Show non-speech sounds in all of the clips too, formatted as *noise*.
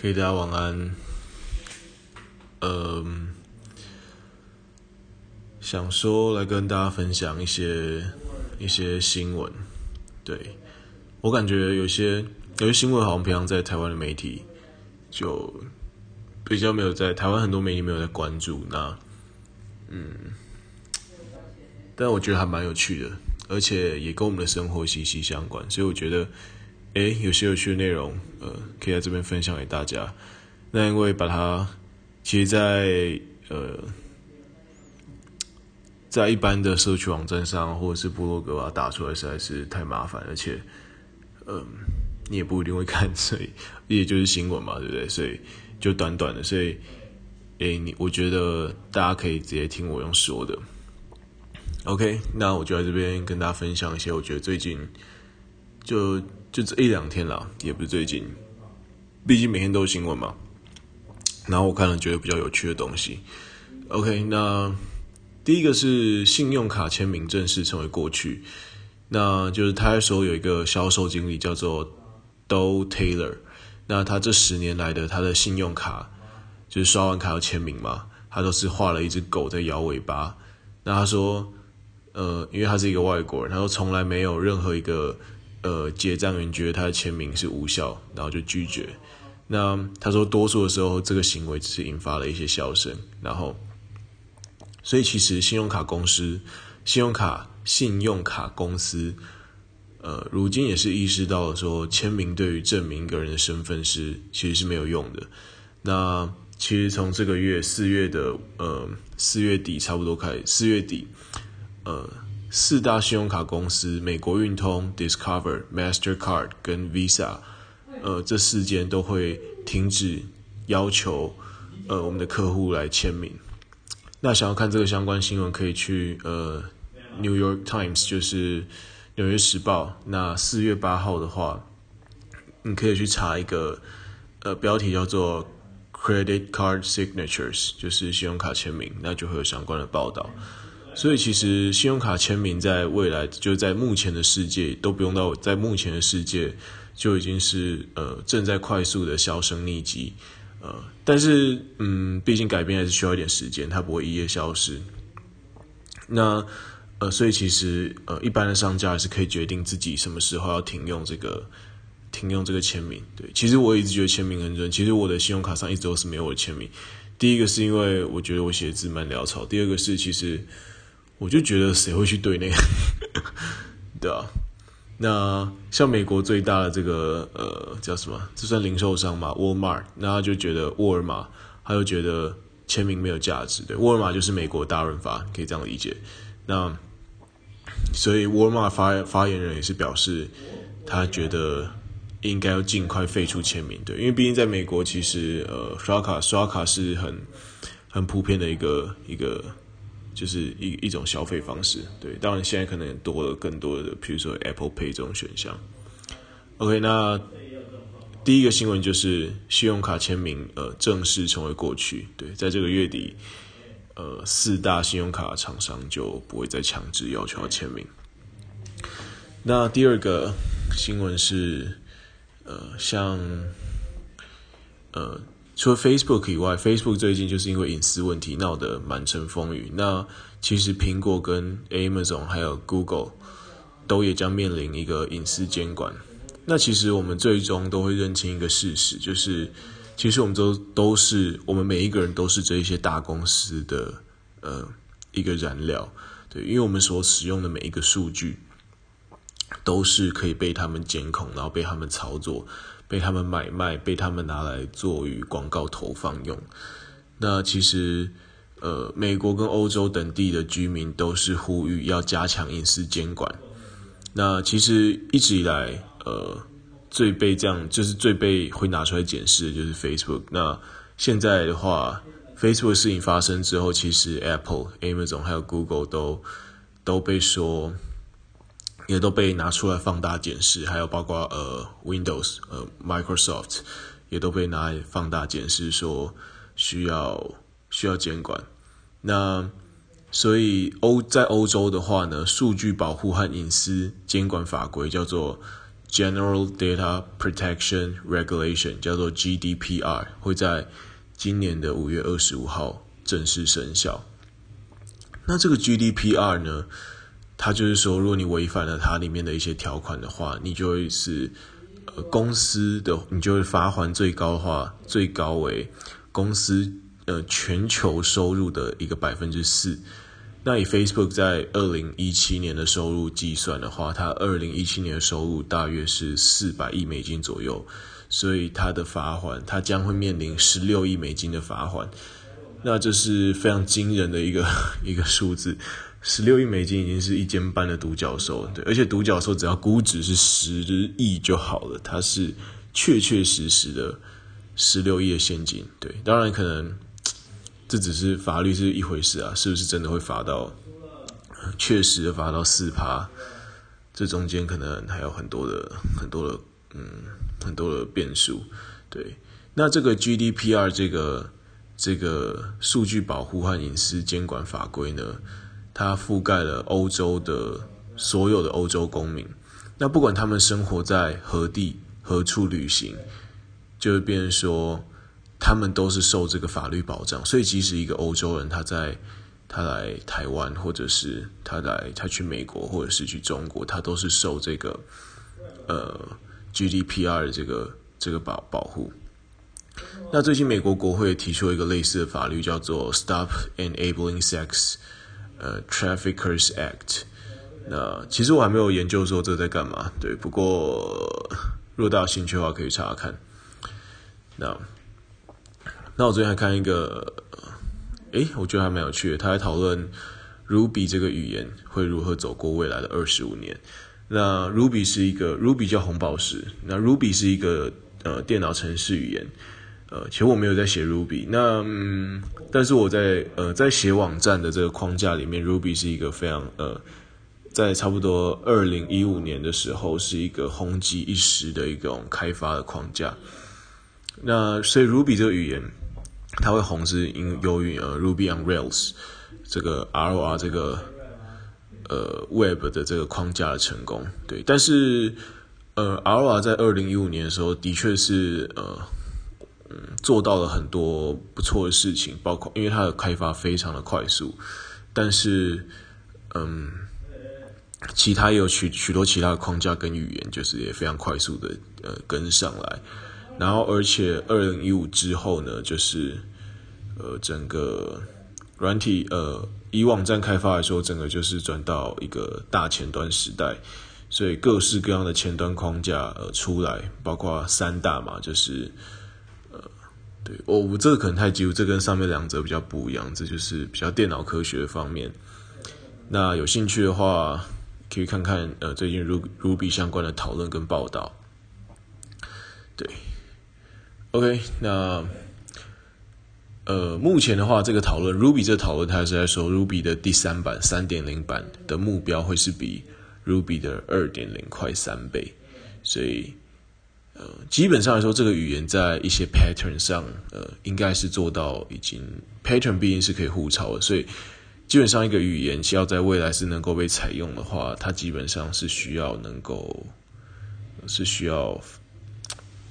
可以，大家晚安。嗯、呃，想說來跟大家分享一些一些新聞。對，我感覺有些有些新聞好像平常在台灣的媒體就比較沒有，在台灣很多媒體沒有在關注。那嗯，但我覺得還蠻有趣的，而且也跟我們的生活息息相關，所以我覺得。誒，有些有趣的內容，呃，可以在這邊分享給大家。那因為把它，其實在呃，在一般的社群網站上或者是部落格把它打出來實在是太麻煩，而且，嗯、呃，你也不一定會看，所以也就是新聞嘛，對不對？所以就短短的，所以，哎，你我覺得大家可以直接聽我用說的。OK，那我就在這邊跟大家分享一些我覺得最近就。就這一兩天啦，也不是最近，畢竟每天都有新聞嘛。然後我看了覺得比較有趣的東西。OK，那第一個是信用卡簽名正式成為過去。那就是他說有一個銷售經理叫做 Do Taylor，那他這十年來的他的信用卡就是刷完卡要簽名嘛，他都是畫了一隻狗在搖尾巴。那他說，呃，因為他是一個外國人，他說從來沒有任何一個。呃，結賬員覺得他的簽名是無效，然後就拒絕。那他說，多數的時候這個行為只是引發了一些笑聲。然後，所以其實信用卡公司、信用卡信用卡公司，呃，如今也是意識到了說，簽名對於證明一個人的身份是其實是沒有用的。那其實從這個月四月的呃四月底差不多開四月底，呃。四大信用卡公司美國運通、Discover、Mastercard 跟 Visa，呃，這四間都會停止要求，呃，我們的客戶來簽名。那想要看這個相關新聞，可以去呃 New York Times，就是紐約時報。那四月八號的話，你可以去查一個，呃，標題叫做 Credit Card Signatures，就是信用卡簽名，那就會有相關的報道。所以其實信用卡簽名在未來，就在目前的世界都不用到，在目前的世界就已經是呃正在快速的銷聲匿跡，呃，但是嗯，畢竟改變還是需要一點時間，它不會一夜消失。那呃，所以其實呃，一般的商家還是可以決定自己什麼時候要停用這個停用這個簽名。對，其實我一直覺得簽名很準。其實我的信用卡上一直都是沒有我的簽名。第一個是因為我覺得我寫的字蠻潦草，第二個是其實。我就覺得誰會去對那個，對啊，那像美國最大的這個呃叫什麼？這算零售商嘛，沃爾瑪，那他就覺得沃爾瑪，他就覺得簽名沒有價值，對，沃爾瑪就是美國大潤發，可以這樣理解。那所以沃爾瑪發發言人也是表示，他覺得應該要盡快廢除簽名，對，因為畢竟在美國其實呃刷卡刷卡是很很普遍的一個一個。就是一一種消費方式，對，當然現在可能也多了更多的，比如說 Apple Pay 這種選項。OK，那第一個新聞就是信用卡簽名，呃，正式成為過去。對，在這個月底，呃，四大信用卡廠商就不會再強制要求要簽名。那第二個新聞是，呃，像，呃。除了 Facebook 以外，Facebook 最近就是因為隱私問題鬧得滿城風雨。那其實蘋果跟 Amazon 還有 Google 都也將面臨一個隱私監管。那其實我們最終都會認清一個事實，就是其實我們都都是我們每一個人都是這些大公司的呃一個燃料。對，因為我們所使用的每一個數據都是可以被他們監控，然後被他們操作。被他們買賣，被他們拿來做與廣告投放用。那其實，呃，美國跟歐洲等地的居民都是呼籲要加強隱私監管。那其實一直以來，呃，最被這樣就是最被會拿出來檢視的就是 Facebook。那現在的話，Facebook 事情發生之後，其實 Apple、Amazon 還有 Google 都都被說。也都被拿出來放大檢視，還有包括呃 Windows，呃 Microsoft，也都被拿來放大檢視，說需要需要監管。那所以歐在歐洲的話呢，數據保護和隱私監管法規叫做 General Data Protection Regulation，叫做 GDPR，會在今年的五月二十五號正式生效。那這個 GDPR 呢？他就是說，如果你違反了它裡面的一些條款的話，你就會是呃公司的，你就會罰款最高的話，最高為公司呃全球收入的一個百分之四。那以 Facebook 在二零一七年的收入計算的話，它二零一七年的收入大約是四百億美金左右，所以它的罰款，它將會面臨十六億美金的罰款。那這是非常驚人的一個一個數字。十六億美金已經是一間半的獨角獸，對，而且獨角獸只要估值是十億就，就好了，它是確確實實的十六億的陷阱，對，當然可能這只是法律是一回事啊，是不是真的會罰到確實的罰到四趴？這中間可能還有很多的很多的嗯很多的變數，對，那這個 GDPR 這個這個數據保護和隱私監管法規呢？它覆蓋了歐洲的所有的歐洲公民，那不管他們生活在何地，何處旅行，就會變成說他們都是受這個法律保障。所以，即使一個歐洲人他在他來台灣，或者是他來他去美國，或者是去中國，他都是受這個呃 GDPR 的這個這個保保護。那最近美國國會提出了一個類似的法律，叫做 Stop Enabling Sex。呃、uh，Traffickers Act，那其實我還沒有研究說這在幹嘛，對。不過，若大家有興趣的話，可以查查看。那，那我最近還看一個，誒、欸，我覺得還蠻有趣的，他在討論 Ruby 這個語言會如何走過未來的二十五年。那 Ruby 是一個 Ruby 叫紅寶石，那 Ruby 是一個呃電腦程式語言。呃，其實我沒有在寫 Ruby，那，嗯，但是我在呃，在寫網站的這個框架裡面，Ruby 是一個非常呃，在差不多二零一五年的時候，是一個紅極一時的一種開發的框架。那所以 Ruby 這個語言，它會紅是因由於呃 Ruby on Rails 這個 ROR 這個呃 Web 的這個框架的成功。對，但是呃 ROR 在二零一五年的時候，的確是呃。嗯，做到了很多不錯的事情，包括因為它的開發非常的快速，但是，嗯，其他也有許許多其他的框架跟語言，就是也非常快速的呃跟上來。然後，而且二零一五之後呢，就是呃整個軟體呃以網站開發來說，整個就是轉到一個大前端時代，所以各式各樣的前端框架，呃，出來，包括三大嘛，就是。對，哦，我這個可能太基礎這個、跟上面兩者比較不一樣，這就是比較電腦科學方面。那有興趣的話，可以看看呃最近 Ruby 相關的討論跟報道。對，OK，那呃目前的話，這個討論 Ruby 這個討論，它是在說 Ruby 的第三版三點零版的目標會是比 Ruby 的二點零快三倍，所以。呃、基本上來說，這個語言在一些 pattern 上，呃，應該是做到已經 pattern，畢竟是可以互抄的。所以基本上一個語言需要在未來是能夠被採用的話，它基本上是需要能夠，是需要，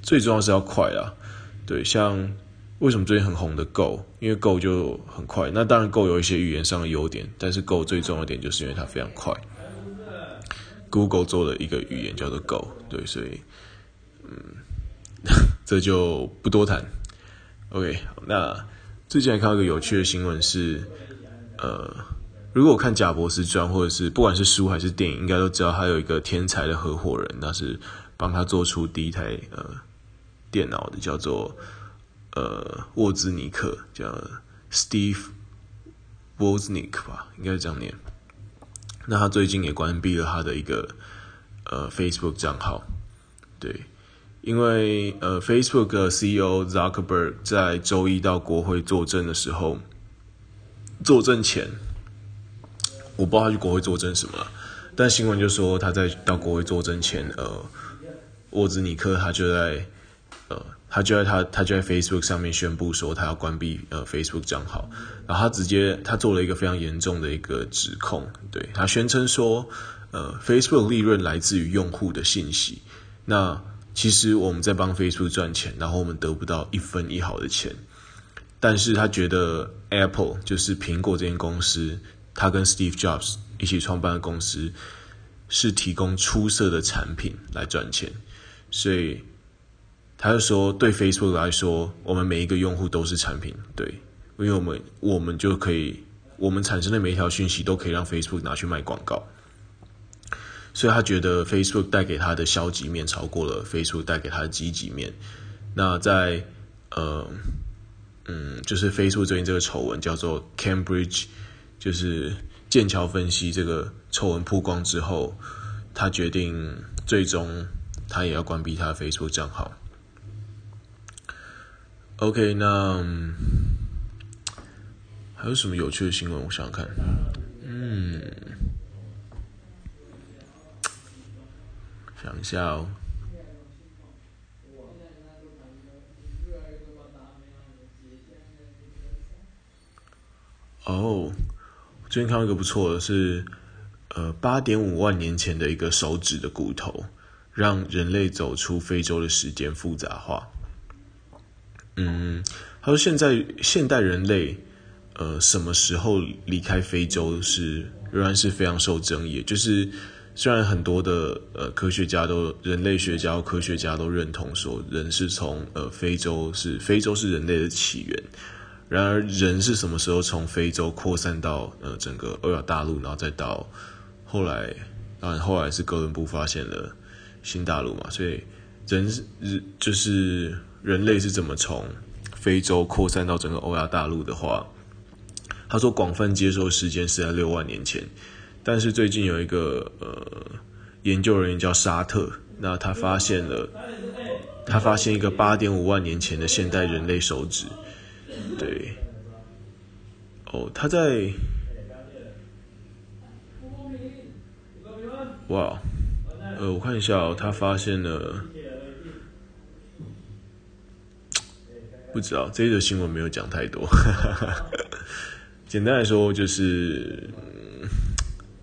最重要的是要快啦。對，像為什麼最近很紅的 Go，因為 Go 就很快。那當然 Go 有一些語言上的優點，但是 Go 最重要一點就是因為它非常快。Google 做了一個語言叫做 Go，對，所以。嗯，這就不多談。OK，好，那最近還看到一個有趣的新聞是，呃，如果我看《賈伯斯傳》或者是不管是書還是電影，應該都知道他有一個天才的合夥人，那是幫他做出第一台呃電腦的，叫做呃沃茲尼克，叫 Steve Wozniak 吧，應該是這樣念。那他最近也關閉了他的一個呃 Facebook 賬號，對。因為呃，Facebook 的 CEO Zuckerberg 在周一到國會作證的時候，作證前，我不知道他去國會作證什麼了，但新聞就說他在到國會作證前，呃，沃茲尼克他就在呃，他就在他他就在 Facebook 上面宣布說他要關閉呃 Facebook 賬號，然後他直接他做了一個非常嚴重的一個指控，對，他宣稱說呃，Facebook 利潤來自於用戶的信息，那。其實我們在幫 Facebook 賺錢，然後我們得不到一分一毫的錢。但是他覺得 Apple 就是蘋果這間公司，他跟 Steve Jobs 一起創辦的公司，是提供出色的產品來賺錢。所以，他就說對 Facebook 來說，我們每一個用戶都是產品，對，因為我們我們就可以，我們產生的每一條訊息都可以讓 Facebook 拿去賣廣告。所以他覺得 Facebook 帶給他的消極面超過了 Facebook 帶給他的積極面。那在呃嗯，就是 Facebook 最近這個醜聞叫做 Cambridge，就是劍橋分析這個醜聞曝光之後，他決定最終他也要關閉他的 Facebook 賬號。OK，那、嗯、還有什麼有趣的新聞？我想想看。哦，oh, 最近看到一個不錯的是，是呃八點五萬年前的一個手指的骨頭，讓人類走出非洲的時間複雜化。嗯，他說現在現代人類呃什麼時候離開非洲是仍然是非常受爭議的，就是。雖然很多的呃科學家都人類學家和科學家都認同說，人是從呃非洲，是非洲是人類的起源，然而人是什麼時候從非洲擴散到呃整個歐亞大陸，然後再到後來，當然後來是哥倫布發現了新大陸嘛，所以人是，就是人類是怎麼從非洲擴散到整個歐亞大陸的話，他說廣泛接受的時間是在六萬年前。但是最近有一個呃研究人員叫沙特，那他發現了，他發現一個八點五萬年前的現代人類手指，對，哦，他在，哇、wow，呃，我看一下哦，他發現了，不知道這一則新聞沒有講太多， *laughs* 簡單來說就是。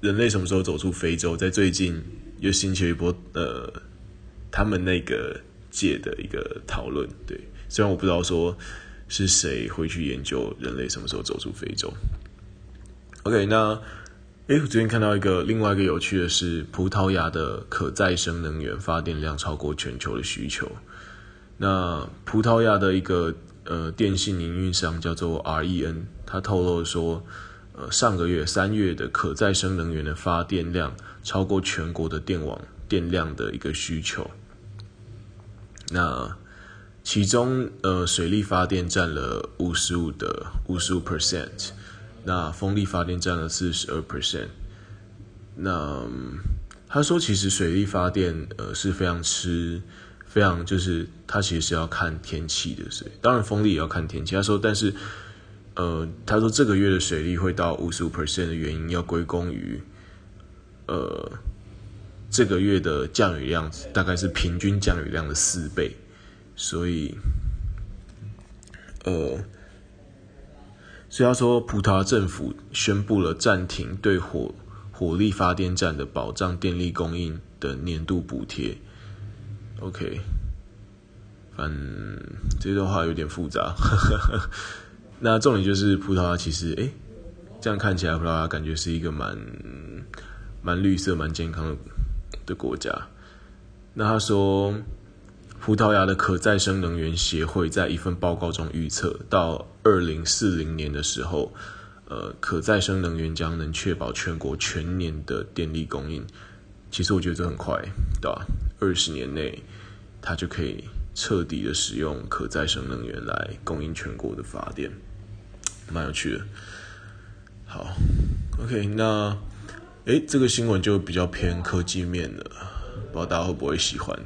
人類什麼時候走出非洲？在最近又興起了一波呃，他們那個界的一個討論。對，雖然我不知道說是誰會去研究人類什麼時候走出非洲。OK，那誒，我最近看到一個另外一個有趣的是，葡萄牙的可再生能源發電量超過全球的需求。那葡萄牙的一個呃電信營運商叫做 REN，他透露說。上個月三月的可再生能源的發電量超過全國的電網電量的一個需求。那其中呃，水力發電佔了五十五的五十五 percent，那風力發電佔了四十二 percent。那、嗯、他說，其實水力發電呃是非常吃，非常就是它其實是要看天氣的，所以當然風力也要看天氣。他說，但是。呃，他說這個月的水力會到五十五 percent 的原因，要歸功於，呃，這個月的降雨量大概是平均降雨量的四倍，所以，呃，所以他說葡萄牙政府宣布了暫停對火火力發電站的保障電力供應的年度補貼。OK，嗯，這段話有點複雜。 *laughs* 那重點就是葡萄牙，其實，誒，這樣看起來，葡萄牙感覺是一個蠻，蠻綠色、蠻健康的的國家。那他說，葡萄牙的可再生能源協會在一份報告中預測，到二零四零年的時候，呃，可再生能源將能確保全國全年的電力供應。其實我覺得這很快，對吧？二十年內，它就可以徹底的使用可再生能源來供應全國的發電。蠻有趣的，好，OK，那，誒，這個新聞就比較偏科技面了，不知道大家會不會喜歡？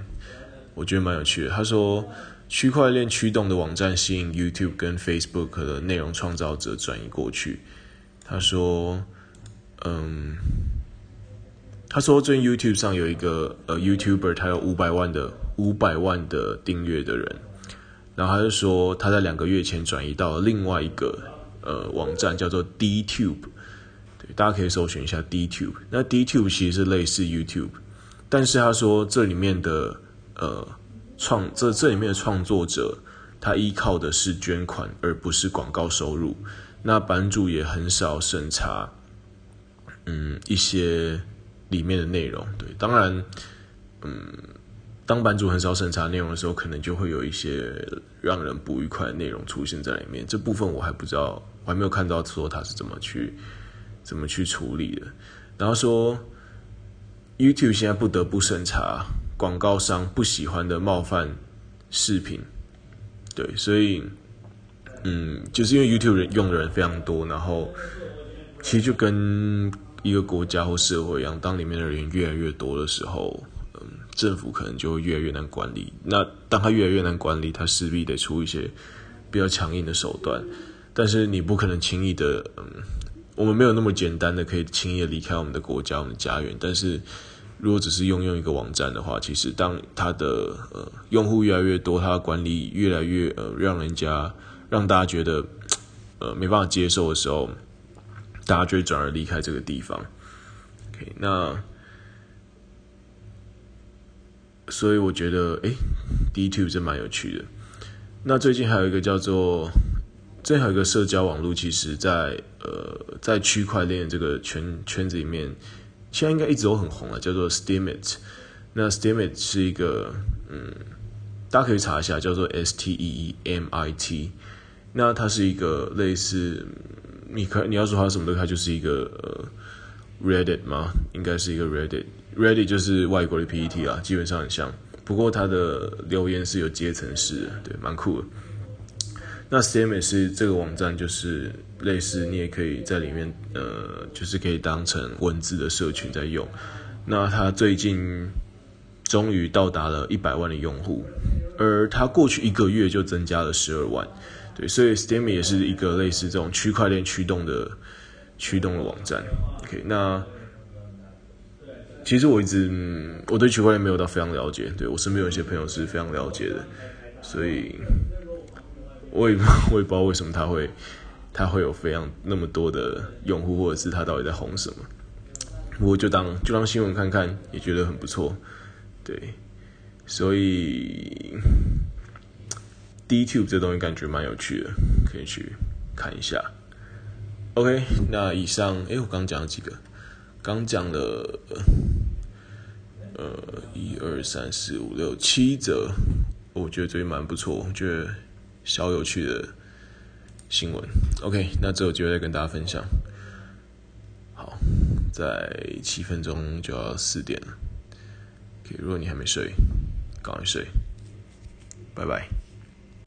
我覺得蠻有趣的。他說，區塊鏈驅動的網站吸引 YouTube 跟 Facebook 的內容創造者轉移過去。他說，嗯，他說最近 YouTube 上有一個呃 YouTuber，他有五百萬的五百萬的訂閱的人，然後他就說他在兩個月前轉移到了另外一個。呃，網站叫做 DTube，對，大家可以搜尋一下 DTube。那 DTube 其實是類似 YouTube，但是他說這裡面的呃創這這裡面的創作者，他依靠的是捐款而不是廣告收入。那版主也很少審查，嗯，一些裡面的內容。對，當然，嗯。當版主很少審查內容的時候，可能就會有一些讓人不愉快的內容出現在裡面。這部分我還不知道，我還沒有看到說他是怎麼去怎麼去處理的。然後說，YouTube 現在不得不審查廣告商不喜歡的冒犯視頻。對，所以，嗯，就是因為 YouTube 用的人非常多，然後其實就跟一個國家或社會一樣，當裡面的人越來越多的時候。政府可能就會越來越難管理。那當他越來越難管理，他勢必得出一些比較強硬的手段。但是你不可能輕易的，嗯，我們沒有那麼簡單的可以輕易的離開我們的國家、我們的家園。但是如果只是用用一個網站的話，其實當他的呃用戶越來越多，他的管理越來越呃讓人家讓大家覺得呃沒辦法接受的時候，大家就會轉而離開這個地方。OK，那。所以我覺得，誒，DTube 真蠻有趣的。那最近還有一個叫做，最後一個社交網絡，其實在，在呃，在區塊鏈這個圈圈子裡面，現在應該一直都很紅了，叫做 Steemit 那 Steemit 是一個，嗯，大家可以查一下，叫做 S-T-E-E-M-I-T。那它是一個類似，你可你要說它是什麼的，它就是一個呃 Reddit 嗎？應該是一個 Reddit。Reddit 就是外國的 PTT 啊，基本上很像，不過它的留言是有階層式的，對，蠻酷的。那 Steemit 也是這個網站，就是類似你也可以在裡面，呃，就是可以當成文字的社群在用。那它最近終於到達了一百萬的用戶，而它過去一個月就增加了十二萬，對，所以 Steemit 也是一個類似這種區塊鏈驅動的驅動的網站。OK，那。其實我一直我對區塊鏈沒有到非常了解，對，我身邊有一些朋友是非常了解的，所以我也我也不知道為什麼他會他會有非常那麼多的用戶，或者是他到底在紅什麼。不過就當就當新聞看看，也覺得很不錯。對，所以 DTube 這東西感覺蠻有趣的，可以去看一下。OK，那以上，哎，我剛講了幾個，剛講了。呃，一二三四五六七折，我覺得這蠻不錯，我覺得小有趣的新聞。OK，那之後有機會再跟大家分享。好，再七分鐘就要四點了，OK。如果你還沒睡，趕快睡，拜拜。